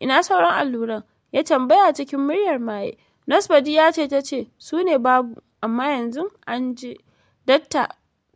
Ina sauran alluran? ya tambaya cikin muryar maye. nasbadi ya ce ta ce, su ne babu, amma yanzu an je. datta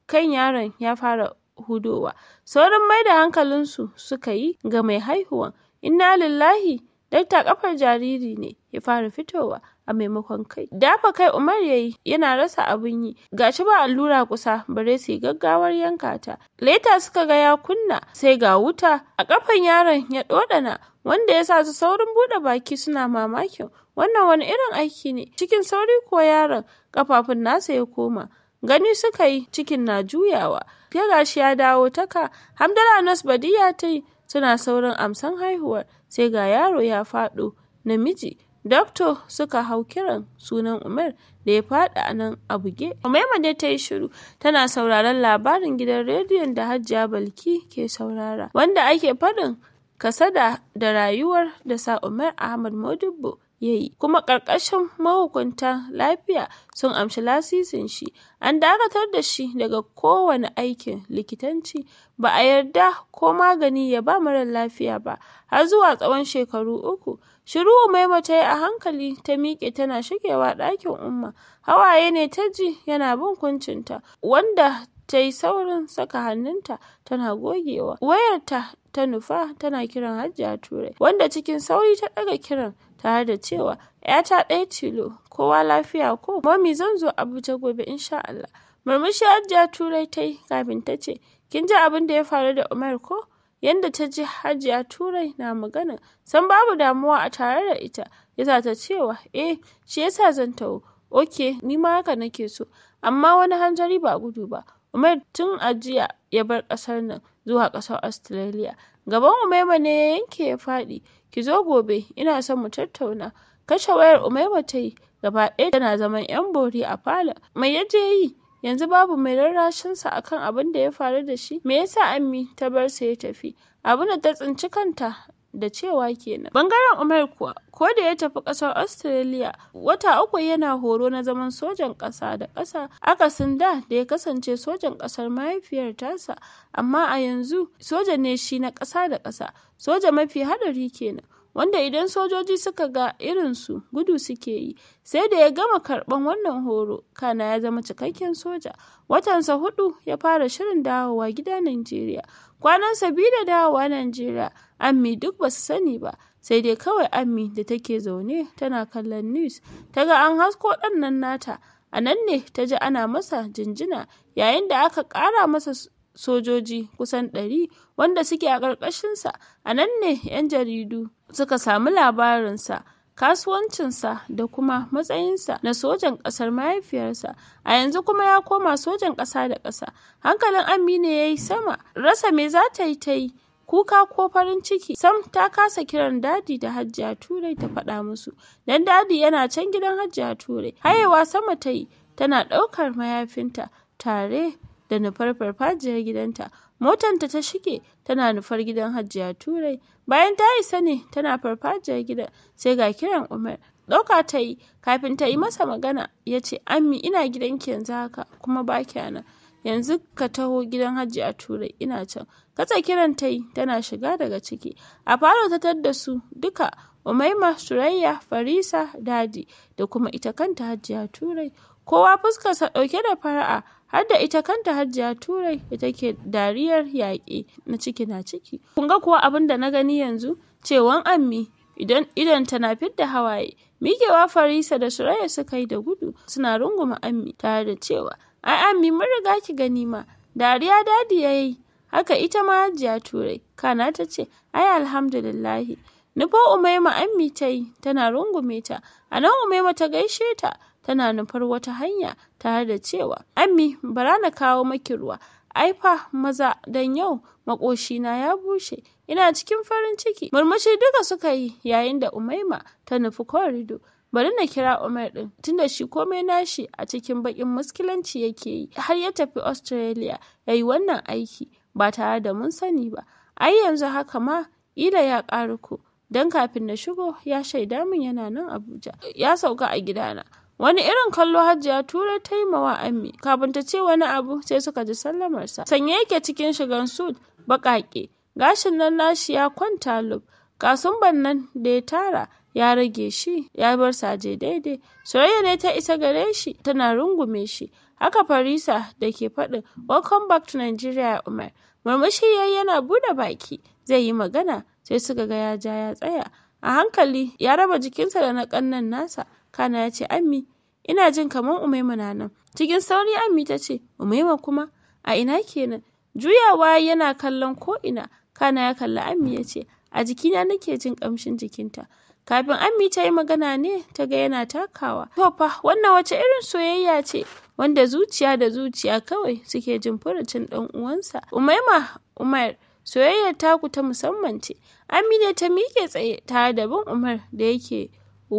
kan yaron ya fara hudowa. Saurin mai da hankalinsu suka yi ga mai haihuwan. Inna lillahi don ƙafar jariri ne ya fara fitowa a maimakon kai. Dafa kai Umar yayi yana rasa abun yi gashi ba allura kusa bare su gaggawar yanka ta. Leta suka ga ya kunna sai ga wuta a kafan yaron ya dodana wanda ya sa su saurin bude baki suna mamakin wannan wani irin aiki ne cikin sauri ko yaron kafafun nasa ya koma gani suka yi cikin na juyawa ya gashi ya dawo taka hamdala nas badiya ta yi suna saurin amsan haihuwar sai ga yaro ya faɗo namiji Dokto suka hau kiran sunan Umar da ya fada nan a buge. Umaima dai ta yi shiru tana sauraron labarin gidan rediyon da hajjiya Balki ke saurara wanda ake faɗin kasada da rayuwar da sa Umar Ahmad Modibbo ya yi, kuma ƙarƙashin mahukunta lafiya sun amshi lasisin shi, an dakatar da shi daga kowane aikin likitanci, ba a yarda ko magani ya ba mara lafiya ba har zuwa tsawon shekaru uku. Shiru Umaima ta yi a hankali ta miƙe tana shigewa ɗakin Umma, hawaye ne ta ji yana bin kuncinta, wanda ta yi saurin saka hannunta tana gogewa. Wayarta ta nufa tana kiran a Turai, wanda cikin sauri ta ɗaga kiran tare da cewa 'ya ta ɗaya tilo, kowa lafiya ko? Mami zan zo Abuja gobe insha Allah. Murmushi a Turai ta yi kafin ta ce, kin ji abin da ya faru da Umar ko? Yanda ta ji a Turai na magana, san babu damuwa a tare da ita, yasa ta cewa, eh, shi yasa zan taho. Ok, ni ma haka nake so, amma wani hanzari ba gudu ba. umar tun a jiya ya bar ƙasar nan zuwa ƙasar Australia. gaban Umaima ne ya yanke ya faɗi, “Ki zo gobe, ina son mu tattauna,” kashe wayar Umaima ta yi, gaba ɗaya tana zaman ‘yan bori a falon, “Mai ya je yi, yanzu babu mai rarrashinsa akan abin da ya faru da shi, me yasa sa Ammi ta bar sa ya tafi, abin da ta tsinci kanta da cewa kenan. Bangaren Umar kuwa, ko da ya tafi kasar Australia wata uku yana horo na zaman sojan ƙasa da ƙasa akasin da da ya kasance sojan ƙasar mahaifiyar tasa, amma a yanzu soja ne shi na ƙasa da ƙasa, soja mafi haɗari kenan. Wanda idan sojoji suka ga irinsu gudu suke yi, sai da ya gama karɓan wannan horo, kana ya zama cikakken soja. Watansa hudu ya fara shirin dawowa gida Najeriya. kwanan biyu da dawowa Najeriya, Ammi duk basu sani ba, sai dai kawai Ammi da take zaune tana kallon news ta ga an hasko ɗan nan nata, a nan ne ta ji ana masa jinjina yayin da aka ƙara masa sojoji kusan ɗari wanda suke a ƙarƙashinsa, a nan ne ‘yan jaridu suka samu labarinsa. kasuwancinsa da kuma matsayinsa na sojan ƙasar mahaifiyarsa, a yanzu kuma ya koma sojan ƙasa da ƙasa. Hankalin Amina ya yi sama, rasa me za ta yi ta yi, kuka ko farin ciki. Sam ta kasa kiran dadi da Hajiya Turai ta faɗa musu, don dadi yana can gidan Hajiya Turai. Hayewa sama ta yi, tana ɗaukar mayafinta tare da nufar farfajiyar gidanta. Motanta ta shige tana nufar gidan Hajiya Turai. Bayan ta isa ne tana farfajiyar gidan sai ga kiran Umar. Dauka ta yi, kafin ta yi masa magana ya ce, ami ina gidanki yanzu haka kuma ba kya Yanzu ka taho gidan hajji a turai ina can. Katsa kiran ta yi tana shiga daga ciki. A falo ta tar da su duka Umaima, Surayya, Farisa, Dadi da kuma ita kanta hajji a turai. Kowa fuskarsa ɗauke da fara'a har da ita kanta Hajiya Turai ita ke dariyar yaƙi na ciki na ciki. Kun ga kuwa abin da na gani yanzu cewan ammi idan idan na fidda hawaye mikewa Farisa da Suraya suka yi da gudu suna runguma ammi tare da cewa ai ammi mun riga ki gani ma dariya dadi ya yayi haka ita ma Hajiya Turai kana ta ce ai alhamdulillahi nufo Umaima ammi ta yi tana rungume ta a nan Umaima ta gaishe ta tana nufar wata hanya tare da cewa Ami, bara na kawo maki ruwa Aifa, maza dan yau makoshina ya bushe ina cikin farin ciki murmushi duka suka yi yayin da umaima ta nufi korido bari na kira Umar din tunda shi komai nashi a cikin bakin muskilanci yake yi har ya tafi Australia ya yi wannan aiki ba tare da mun sani ba ai yanzu haka ma ila ya ku. don kafin na shigo ya shaida min yana nan Abuja ya sauka a gidana wani irin kallo Hajiya Turai ta yi mawa Ammi kafin ta ce wani abu sai suka ji sallamarsa. Sanye yake cikin shigan sud baƙaƙe, gashin nan nashi ya kwanta lub, kasumban nan da ya tara ya rage shi ya bar saje daidai. Soyayya ne ta isa gare shi tana rungume shi. Haka Farisa da ke faɗin Welcome back to Nigeria Umar. Murmushi ya yana buɗe baki zai yi magana sai suka ga ya ja ya tsaya. A hankali ya raba jikinsa da na ƙannan nasa. Kana ya ce, Ammi, Ina jin kamar Umaima na nan. Cikin sauri Ammi ta ce, Umaima kuma? A ina kenan? Juyawa yana kallon ko ina. Kana ya kalla?" Ammi ya ce, A jikina nake jin kamshin jikinta. Kafin Ammi ta yi magana ne, ta ga yana takawa. To fa, wannan wace irin soyayya ce? Wanda zuciya da zuciya kawai suke jin furucin ɗan uwansa. Umaima, Umar, soyayyar taku ta musamman ce. Ammi ne ta mike tsaye tare da bin Umar da yake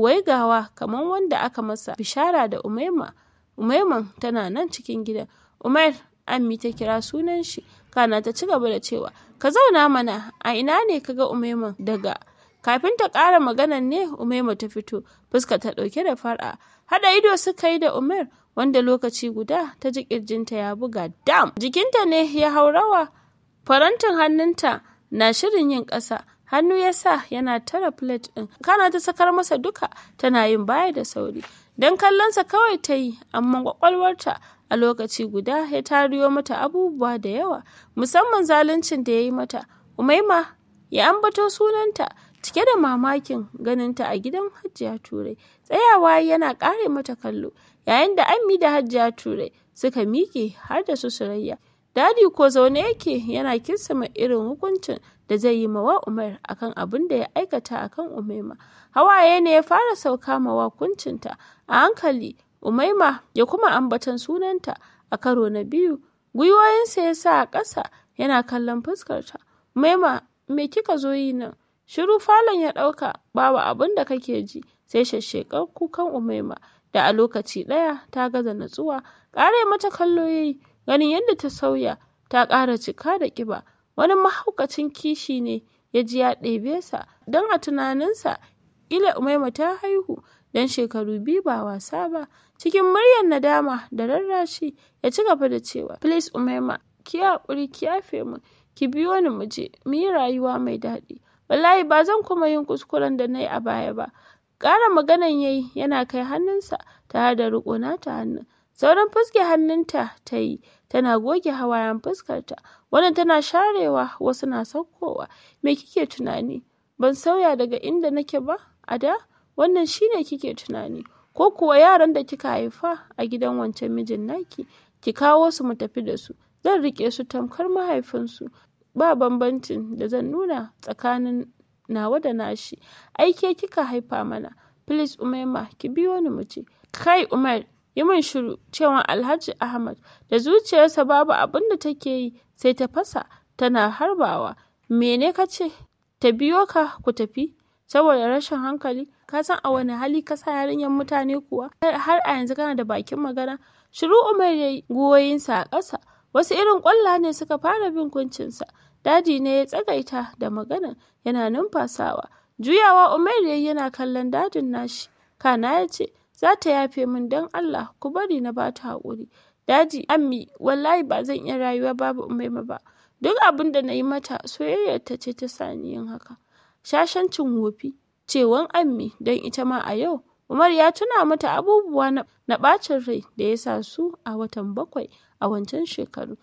waigawa kamar wanda aka masa bishara da umaima, umaiman tana nan cikin gida Umar! Ammi ta kira sunan shi, kana ta ci gaba da cewa, Ka zauna mana, a ina ne ka ga umaiman daga? Kafin ta ƙara maganan ne, umaima ta fito, fuska ta ɗauke da fara. Hada ido suka yi da Umar, wanda lokaci guda ta ji kirjinta ya buga dam. Jikinta ne ya haurawa, farantin hannunta na shirin yin ƙasa. hannu ya sa yana tara plate ɗin kana ta sakar masa duka tana yin baya da sauri don kallonsa kawai ta yi amma kwakwalwarta a lokaci guda ya tariyo mata abubuwa da yawa musamman zaluncin da ya yi mata umaima ya ambato sunanta cike da mamakin ganinta a gidan hajjiya turai tsayawa yana kare mata kallo yayin da ammi da hajjiya turai suka miƙe har da su surayya dadi ko zaune yake yana mai irin hukuncin da zai yi mawa Umar akan abun da ya aikata akan Umaima. Hawaye ne ya fara sauka ma kuncinta a hankali Umaima ya kuma ambatan sunanta a karo na biyu. Gwiwoyinsa ya sa a ƙasa yana kallon fuskarta. Umaima me kika zo yi nan? Shiru falon ya ɗauka babu abin da kake ji sai shashshekar kukan Umaima da a lokaci ɗaya ta gaza natsuwa ƙare mata kallo yayi ganin yadda ta sauya ta ƙara cika da ƙiba wani mahaukacin kishi ne ya ji ya ɗebe sa don a tunaninsa ila umaima ta haihu don shekaru biyu ba wasa ba cikin muryar nadama da rarrashi ya ci gaba da cewa please umaima ki haƙuri ki yafe mu ki biyo ni mu je mu yi rayuwa mai daɗi wallahi ba zan kuma yin kuskuren da na yi a baya ba ƙara maganan yayi yana kai hannunsa tare da riƙona ta hannun sauran fuske hannunta ta yi, tana goge hawayen fuskarta. Wannan tana sharewa, wasu na saukowa. Me kike tunani? Ban sauya daga inda nake ba? A da? Wannan shine kike tunani. Ko kuwa yaran da kika haifa a gidan wancan mijin naki, ki kawo su mu tafi da su. Zan rike su tamkar mahaifinsu. Ba bambancin da zan nuna tsakanin nawa da nashi. aike kika haifa mana. Please Umaima ki biyo ni mu ce Kai Umar, yi min shiru,” Cewa Alhaji Ahmad da zuciyarsa babu abin da take yi sai ta fasa tana harbawa. “Mene ka ce? Ta biyo ka ku tafi? Saboda rashin hankali? Ka san a wani hali ka sa yarinyar mutane kuwa? Har a yanzu kana da bakin magana?” Shiru Umar ya goyinsa a ƙasa. Wasu irin ƙwalla ne suka fara bin kuncinsa. Daji ne ya tsagaita da magana yana numfasawa. Juyawa Umar yayi yana kallon dadin nashi. Kana ya ce, Za ta yafe min don Allah ku bari na ba ta haƙuri. Daji, Ammi, wallahi ba zan iya rayuwa babu Umaima ba. Duk abin da na yi mata ta ce ta sa ni yin haka. Shashancin wofi, cewan Ammi don ita ma a yau, Umar ya tuna mata abubuwa na ɓacin rai da ya sa su a watan bakwai a wancan shekaru.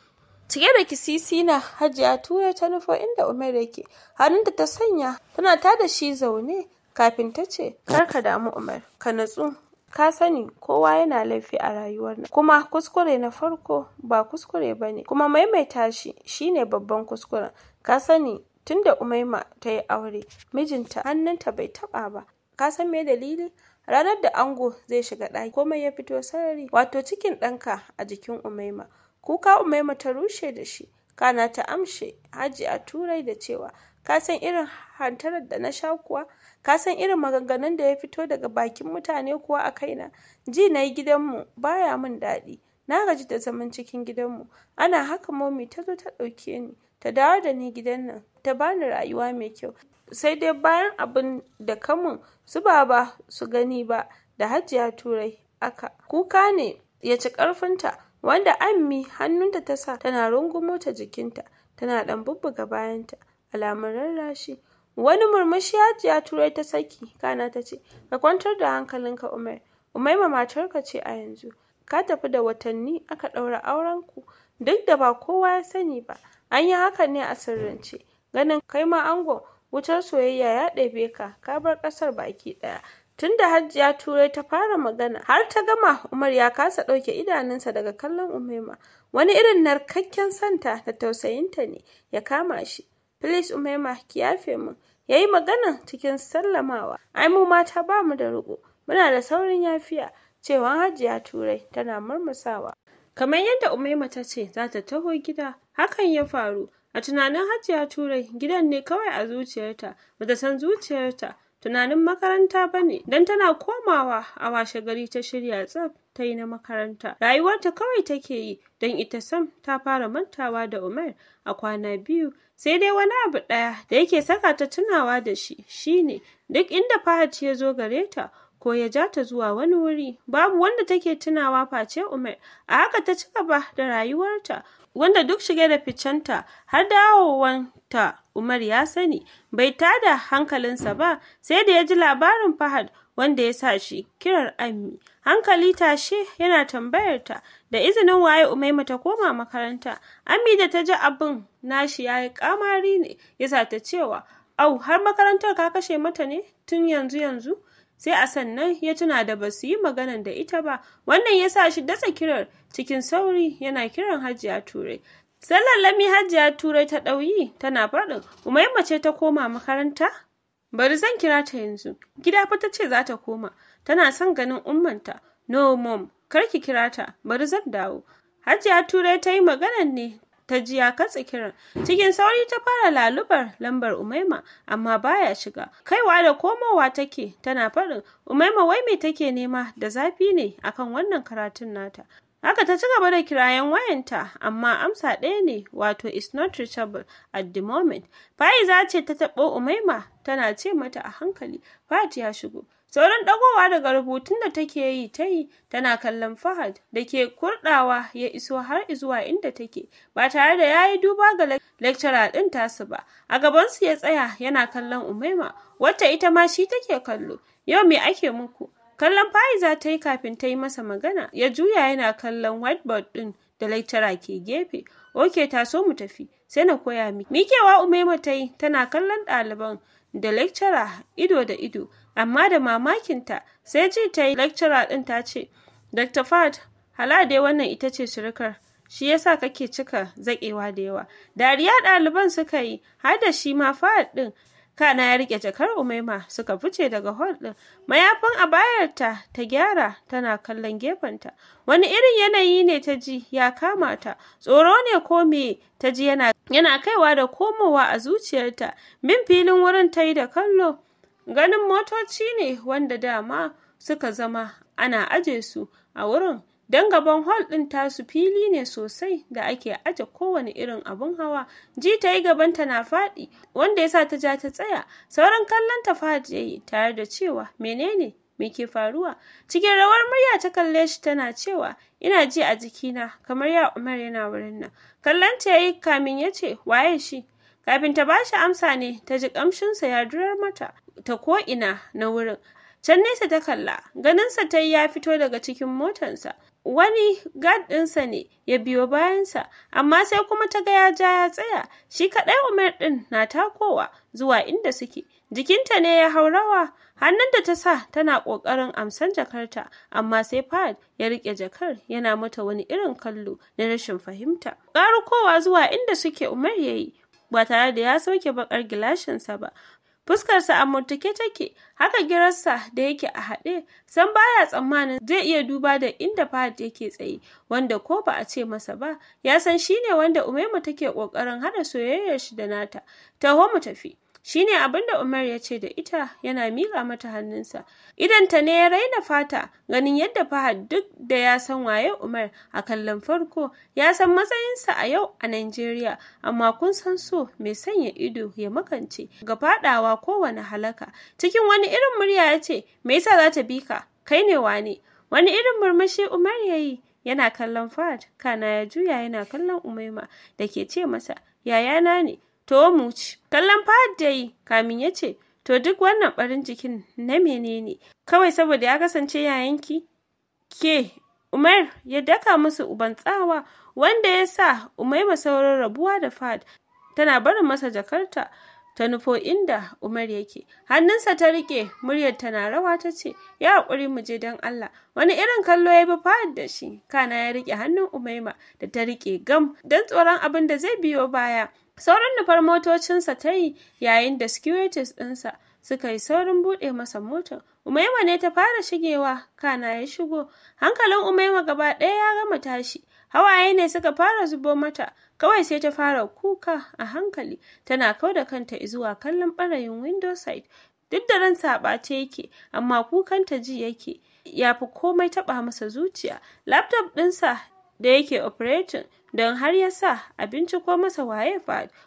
Cike da kisisi na hajiya tura ta nufo inda Umar yake, da ta sanya tana ta da shi zaune kafin ta ce, Kar ka damu Umar, ka natsu, Ka sani, kowa yana laifi a rayuwar nan, kuma kuskure na farko ba kuskure ba ne, kuma maimaita shi shi ne babban kuskuren. Ka sani, tun da Umaima ta yi aure, mijinta hannunta bai taɓa ba. Ka san me dalili? Ranar da ango zai shiga ɗaki, komai ya fito sarari, wato cikin ɗanka a jikin Umaima. Kuka Umaima ta rushe da shi. Kana ta amshe haji a turai da cewa ka san irin hantarar da na sha kuwa ka san irin maganganun da ya fito daga bakin mutane kuwa a kaina ji na yi gidanmu baya min daɗi na gaji da zaman cikin gidanmu ana haka momi ta zo ta ɗauke ni ta dawo da ni gidan nan ta bani rayuwa mai kyau sai dai bayan abin da kamun su ba su gani ba da hajiya turai aka kuka ne ya ci ƙarfinta wanda Ammi hannunta ta sa tana rungumo ta jikinta tana dan bubbuga bayanta alamun rarrashi wani murmushi ya Turai ta saki kana ta ce ka kwantar da hankalinka Umar Umaima matarka ce a yanzu ka tafi da watanni aka daura aurenku duk da ba kowa ya sani ba an yi haka ne a sirrance ganin kai ma ango wutar soyayya ya ɗebe ka ka bar ƙasar baki ɗaya Tun da Hajiya Turai ta fara magana har ta gama Umar ya kasa ɗauke idanunsa daga kallon Umaima. Wani irin narkakken santa da tausayinta ne ya kama shi. Please Umaima ki yafe min. Ya yi magana cikin sallamawa. Ai mu mata ba mu da riƙo. Muna da saurin yafiya. Cewan Hajiya Turai tana murmusawa. Kamar yadda Umaima ta ce za ta taho gida, hakan ya faru. A tunanin hajjiya Turai gidan ne kawai a zuciyarta, ba ta san zuciyarta tunanin makaranta ba ne don tana komawa a washe gari ta shirya tsaf ta yi na makaranta rayuwarta kawai take yi don ita sam ta fara mantawa da umar a kwana biyu sai dai wani abu ɗaya da yake saka ta tunawa da shi shi ne duk inda fahad ya zo gare ta ko ya ja ta zuwa wani wuri babu wanda take tunawa face umar a haka ta ci gaba da rayuwarta wanda duk shige da ficenta har dawowanta Umar ya sani bai tada hankalinsa ba sai da ya ji labarin Fahad wanda ya sa shi kirar Ammi. Hankali tashe yana tambayar ta da izinin waye Umaima ta koma makaranta. Ammi da ta ji abin nashi yayi kamari ne yasa ta cewa au har makarantar ka kashe mata ne tun yanzu yanzu sai a sannan ya tuna da ba su yi maganan da ita ba wannan ya sa shi dasa kirar cikin sauri yana kiran hajiya turai Sai lallami Hajiya Turai ta ɗauyi tana faɗin, Umaima ce ta koma makaranta? Bari zan kira ta yanzu. Gida fa ta ce za ta koma. Tana son ganin ummanta. No mom, kar ki kira ta. Bari zan dawo. Hajiya Turai ta yi maganan ne ta jiya ya katse kiran. Cikin sauri ta fara lalubar lambar Umaima amma baya shiga. Kaiwa da komowa take tana faɗin Umaima wai me take nema da zafi ne akan wannan karatun nata. Haka ta ci gaba da kirayen wayanta, amma amsa ɗaya ne, wato is not reachable at the moment. Fa'iza ce ta taɓo Umaima, tana ce mata a hankali, Fahad ya shigo. Sauran ɗagowa daga rubutun da take yi ta yi, tana kallon Fahad da ke kurɗawa ya iso har izuwa inda take, ba tare da ya yi duba ga lecturer ɗin tasu ba. A gabansu ya tsaya yana kallon Umaima, wacce ita ma shi take kallo. Yau me ake muku? Kallon za ta yi kafin ta yi masa magana, ya juya yana kallon whiteboard ɗin da lecturer ke gefe. Ok, ta so mu tafi, sai na koya mi Mikewa Umaima ta yi, tana kallon ɗaliban da lecturer ido da ido, amma da mamakinta sai ji ta yi lecturer ɗin ta ce, Dr. fad hala dai wannan ita ce surukar. shi yasa kake cika zaƙewa da yawa dariya ɗaliban suka yi har da shi ma fahad ɗin kana ya rike jakar umaima suka fice daga hol din mayafin a bayarta ta gyara tana kallon gefenta wani irin yanayi ne ta ji ya kama ta tsoro ne ko me ta ji yana yana kaiwa da komowa a zuciyarta min filin wurin ta yi da kallo ganin motoci ne wanda dama suka zama ana aje su a wurin Don gaban hol ɗin tasu fili ne sosai da ake aje kowane irin abun hawa. Ji ta yi gaban ta na faɗi, wanda yasa ta ja ta tsaya. Sauran kallon ta yi tare da cewa menene me ke faruwa? Cikin rawar murya ta kalle shi tana cewa ina ji a jikina kamar ya Umar yana wurin nan. Kallon ta yayi kamin ya ce waye shi? Kafin ta bashi amsa ne ta ji kamshinsa ya durar mata ta ko ina na wurin. Can nesa ta kalla, ganinsa ta ya fito daga cikin motansa. Wani gad ɗinsa ne ya biyo bayansa, amma sai kuma ta ga ya ja ya tsaya, shi kaɗai Umar ɗin na takowa zuwa inda suke. Jikinta ne ya haurawa, hannun da ta sa tana ƙoƙarin amsan jakarta, amma sai fad ya riƙe jakar yana mata wani irin kallo na rashin fahimta. Ƙarukowa zuwa inda suke Umar ya yi, ba tare da ya sauke baƙar gilashinsa ba fuskarsa a murtuke take haka girarsa da yake a haɗe san baya tsammanin zai iya duba da inda Fahad yake tsaye wanda ko ba a ce masa ba ya san shine wanda umemu take ƙoƙarin hada soyayyar shi da nata taho mu tafi shine abin da Umar ya ce da ita yana miƙa mata hannunsa Idan ta ne ya raina fata ganin yadda Fahad duk da ya san waye Umar a kallon farko ya san matsayinsa a yau a Najeriya amma kun san so mai sanya ido ya makance ga fadawa kowane halaka cikin wani irin murya ya ce me yasa za ta bi kai ne wane wani irin murmushi Umar ya yi yana kallon Fahad kana ya juya yana kallon Umaima da ke ce masa yayana ne To mu ci. Kallon Fahad da yi kamin ya ce, To duk wannan barin jikin na menene? Kawai saboda ya kasance yayanki? Ke, Umar ya daka musu uban tsawa wanda ya sa Umaima sauran rabuwa da Fahad tana barin masa jakarta ta nufo inda Umar yake. Hannunsa ta rike muryar na rawa ta ce, "Ya haƙuri mu je don Allah." Wani irin kallo ya bi Fahad da shi, kana ya rike hannun Umaima da ta rike gam don tsoron abin da zai biyo baya. Sauran nufar motocinsa ta yi yayin da securities ɗinsa suka yi saurin buɗe masa motar. Umaima ne ta fara shigewa, kana ya shigo. Hankalin Umaima gaba ɗaya ya gama tashi. Hawaye ne suka fara zubo mata, kawai sai ta fara kuka a hankali, tana kau da kanta zuwa kallon ɓarayin window side. Duk da ran saɓace yake, amma kukanta ji yake, ya fi komai taɓa masa zuciya. Laptop ɗinsa da yake operating don har ya sa abinci ko masa waye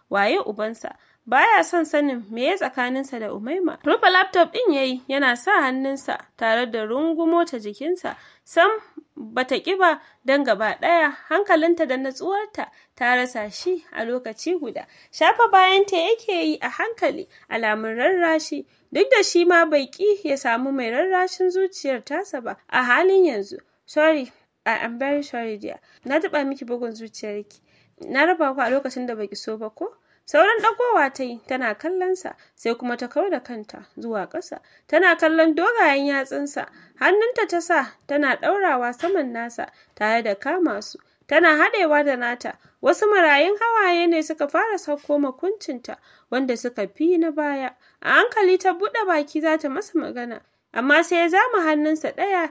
waye ubansa baya son sanin me ya tsakaninsa da umaima rufe laptop din yayi yana sa hannunsa tare da rungumo ta jikinsa sam bata kiba don gaba daya hankalinta da natsuwarta ta rasa shi a lokaci guda shafa bayan ta yake yi a hankali alamun rarrashi duk da shi ma bai ki ya samu mai rarrashin zuciyar tasa ba a halin yanzu sorry I am very sorry dear. Na taɓa miki bugun zuciyarki. Na raba ku a lokacin da baki so ba ko? Sauran ɗagowa ta yi tana kallonsa sai kuma ta kau kanta zuwa ƙasa. Tana kallon dogayen yatsunsa, hannunta ta sa tana ɗaurawa saman nasa tare da kama su. Tana haɗewa da nata, wasu marayun hawaye ne suka fara sauko makuncinta wanda suka fi na baya. A hankali ta buɗe baki za ta masa magana, amma sai ya zama hannunsa ɗaya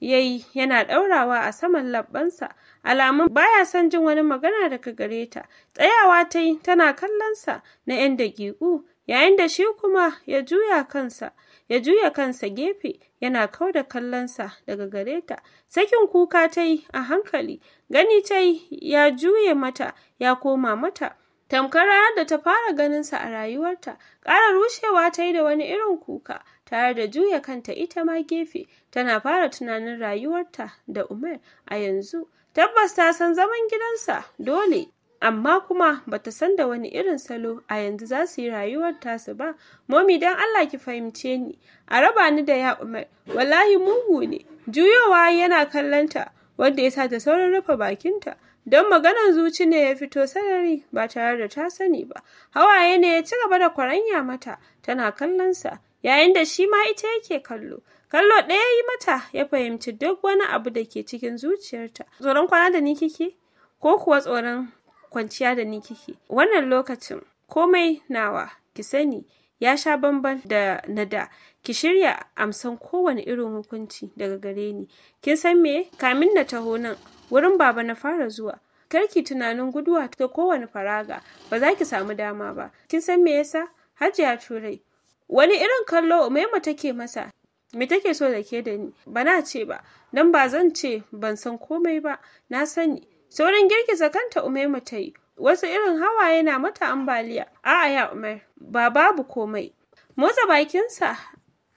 yayi yana ɗaurawa a saman labbansa alamun baya son jin wani magana daga gare ta tsayawa ta yi tana kallonsa na 'yan daƙiƙu yayin da shi kuma ya juya kansa ya juya kansa gefe yana kau da kallonsa daga gare ta sakin kuka ta yi a hankali gani ta yi ya juye mata ya koma mata tamkar ranar da ta fara ganinsa a rayuwarta ƙara rushewa ta yi da wani irin kuka tare da juya kanta ita ma gefe tana fara tunanin rayuwarta da Umar a yanzu tabbas ta san zaman gidansa dole amma kuma bata san da wani irin salo a yanzu za su yi rayuwar tasu ba momi don Allah ki fahimce ni a raba ni da ya Umar wallahi mugu ne juyowa yana kallanta wanda ya sa ta saurin rufe bakinta don maganar zuci ne ya fito sarari ba tare da ta sani ba hawaye ne ya ci gaba da kwaranya mata tana kallonsa yayin da shi ma ita yake kallo. Kallo ɗaya yi mata ya fahimci duk wani abu da ke cikin zuciyarta. Tsoron kwana da ni kike? Ko kuwa tsoron kwanciya da ni kike? Wannan lokacin komai nawa ki sani ya sha bamban da na da ki shirya amsan kowane irin hukunci daga gare ni kin san me kamin na taho nan wurin baba na fara zuwa karki tunanin guduwa ta kowane faraga ba za ki samu dama ba kin san me yasa hajiya turai wani irin kallo umaima take masa me take so da ke da ni ba na ce ba don ba zan ce ban san komai ba na sani saurin girgiza kanta umaima ta yi wasu irin hawa yana mata ambaliya a'a ya umar ba babu komai motsa bakinsa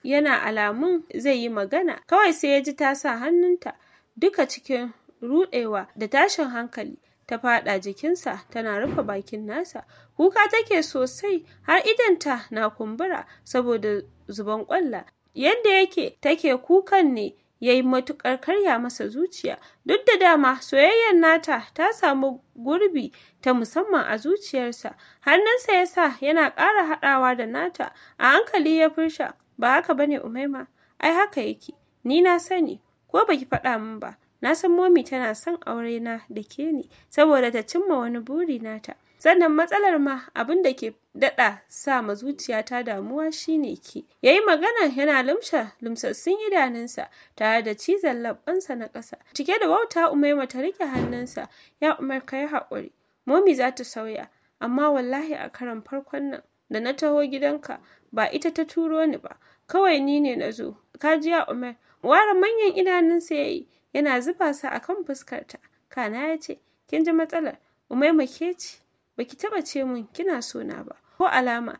yana alamun zai yi magana kawai sai ya ji ta sa hannunta duka cikin rudewa da tashin hankali ta fada jikinsa tana rufe bakin nasa kuka take sosai har idanta na kumbura saboda zuban kwalla yadda yake take kukan ne ya yi matukar karya masa zuciya duk da dama soyayyar nata ta samu gurbi ta musamman a zuciyarsa hannunsa ya sa yana ƙara haɗawa da nata a hankali ya fursha ba haka bane umaima ai haka yake ni na sani ko baki faɗa min ba Na san momi tana son aure na da ke ni saboda ta cimma wani buri nata. Sannan matsalar ma abin da ke daɗa sa ma zuciya ta damuwa shine ki. Yayi magana yana lumsa lumsassun idanunsa tare da cizon labbansa na ƙasa. Cike da wauta Umaima ta rike hannunsa, ya Umar ka yi haƙuri. Momi za ta sauya, amma wallahi a karon farkon nan da na taho gidanka ba ita ta turo ni ba. kawai ni ne na zo kajiya umar ware manyan idanunsa ya yi yana zuba sa a kan fuskarta kana ya ce kin ji matsalar ma ke ce baki taba ce mun kina sona ba ko alama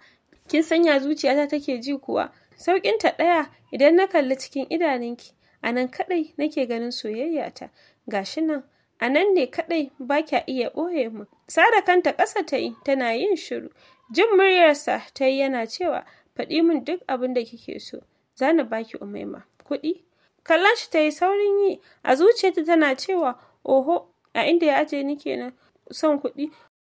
kin sanya zuciyata take ji kuwa Saukin ta ɗaya idan na kalli cikin idanunki a nan kaɗai nake ganin soyayyata gashi nan a nan ne kaɗai ba kya iya boye mu sada kanta ƙasa ta yi tana yin shiru jin muryarsa ta yi yana cewa faɗi min duk abin da kike so za ni baki umaima kuɗi kallon shi ta yi saurin yi a zuciyarta tana cewa oho a inda ya aje ni kenan son kuɗi